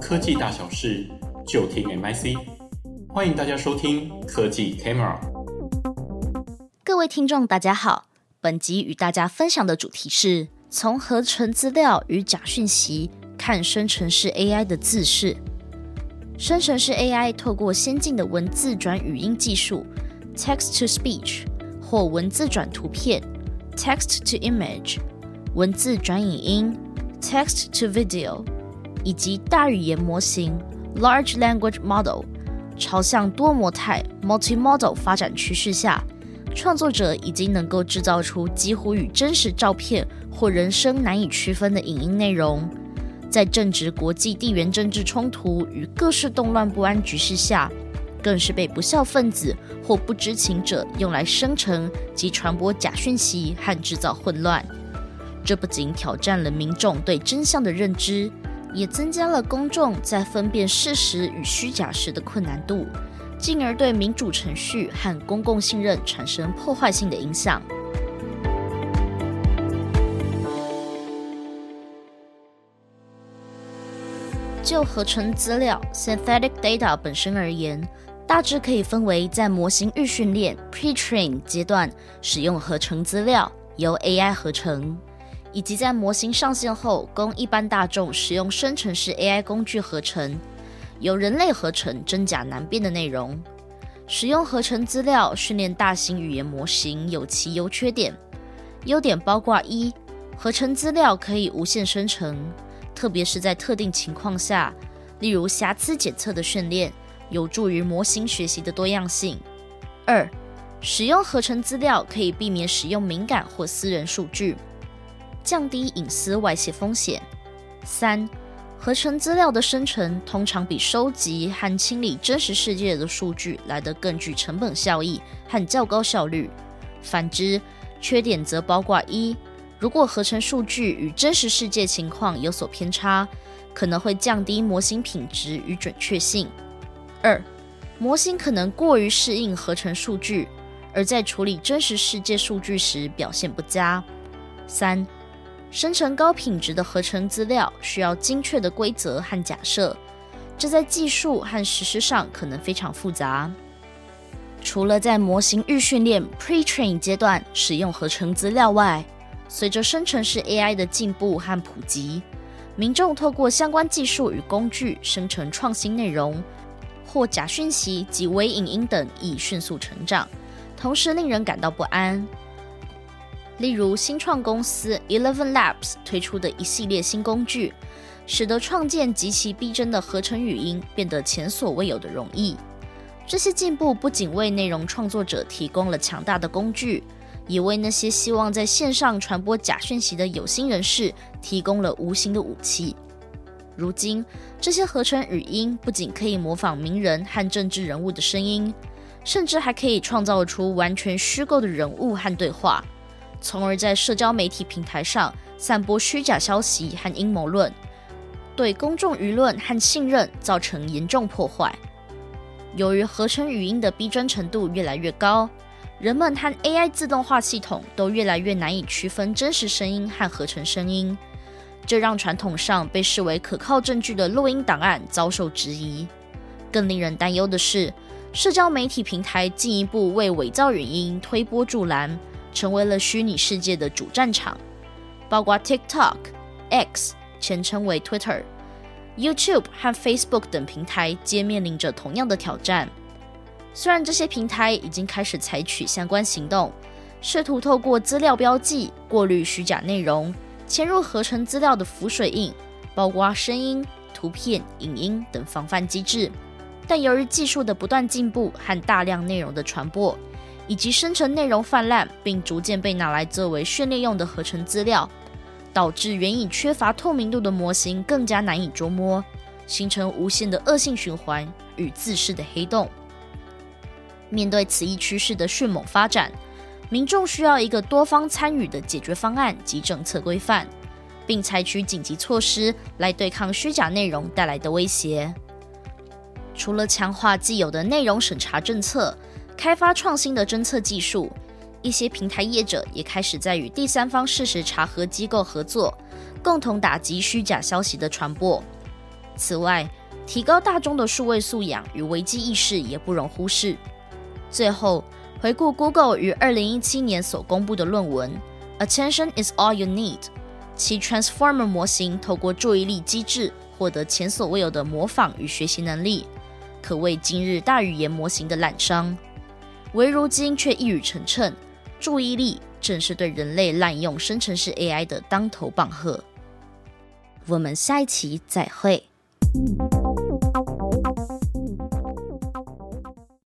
科技大小事，就聽 MIC。歡迎大家收聽科技 Camera。各位聽眾，大家好。本集與大家分享的主題是：從合成資料與假訊息看生成式 AI 的自噬。生成式 AI 透過先進的文字轉語音技術 （text to speech） 或文字轉圖片 （text to image）、文字轉影音 （text to video）。以及大語言模型 （Large Language Model） 朝向多模態 （Multi-Modal） 發展趨勢下，創作者已經能夠製造出幾乎與真實照片或人聲難以區分的影音內容。在正值國際地緣政治衝突與各式動亂不安局勢下，更是被不肖分子或不知情者用來生成及傳播假訊息和製造混亂。這不僅挑戰了民眾對真相的認知，也增加了公眾在分辨事實與虛假時的困難度，進而對民主程序和公共信任產生破壞性的影響。就合成資料 （synthetic data） 本身而言，大致可以分為在模型預訓練 （pretrain） 階段使用合成資料，由 AI 合成。以及在模型上線後，供一般大眾使用生成式 AI 工具合成，由人類合成真假難辨的內容。使用合成資料訓練大型語言模型有其優缺點。優點包括：一、合成資料可以無限生成，特別是在特定情況下，例如瑕疵檢測的訓練，有助於模型學習的多樣性；二、使用合成資料可以避免使用敏感或私人數據。降低隱私外洩風險。三、合成資料的生成通常比收集和清理真實世界的數據來得更具成本效益和較高效率。反之，缺點則包括：一、如果合成數據與真實世界情況有所偏差，可能會降低模型品質與準確性；二、模型可能過於適應合成數據，而在處理真實世界數據時表現不佳；三、生成高品質的合成資料需要精確的規則和假設，這在技術和實施上可能非常複雜。除了在模型預訓練 （pretrain） 階段使用合成資料外，隨着生成式 AI 的進步和普及，民眾透過相關技術與工具生成創新內容或假訊息及偽影音等，已迅速成長，同時令人感到不安。例如，新創公司 Eleven Labs 推出的一系列新工具，使得創建極其逼真的合成語音變得前所未有的容易。這些進步不僅為內容創作者提供了強大的工具，也為那些希望在線上傳播假訊息的有心人士提供了無形的武器。如今，這些合成語音不僅可以模仿名人和政治人物的聲音，甚至還可以創造出完全虛構的人物和對話。從而在社交媒體平台上散播虛假消息和陰謀論，對公眾輿論和信任造成嚴重破壞。由於合成語音的逼真程度越來越高，人們和 AI 自動化系統都越來越難以區分真實聲音和合成聲音，這讓傳統上被視為可靠證據的錄音檔案遭受質疑。更令人擔憂的是，社交媒體平台進一步為偽造語音推波助瀾。成為了虛擬世界的主戰場，包括 TikTok、X（ 全稱為 Twitter）、YouTube 和 Facebook 等平臺，皆面臨着同樣的挑戰。雖然這些平臺已經開始採取相關行動，試圖透過資料標記、過濾虛假內容、嵌入合成資料的浮水印，包括聲音、圖片、影音等防範機制，但由於技術的不斷進步和大量內容的傳播，以及生成內容泛濫，並逐漸被拿來作為訓練用的合成資料，導致原已缺乏透明度的模型更加難以捉摸，形成無限的惡性循環與自噬的黑洞。面對此一趨勢的迅猛發展，民眾需要一個多方參與的解決方案及政策規範，並採取緊急措施來對抗虛假內容帶來的威脅。除了強化既有的內容審查政策，開發創新的偵測技術，一些平台業者也開始在與第三方事實查核機構合作，共同打擊虛假消息的傳播。此外，提高大眾的數位素養與危機意識也不容忽視。最後，回顧 Google 於二零一七年所公布的論文《Attention is all you need》，其 Transformer 模型透過注意力機制獲得前所未有的模仿與學習能力，可謂今日大語言模型的濫觴。唯如今卻一語成讖，注意力正是對人類濫用生成式 AI 的當頭棒喝。我們下一期再會。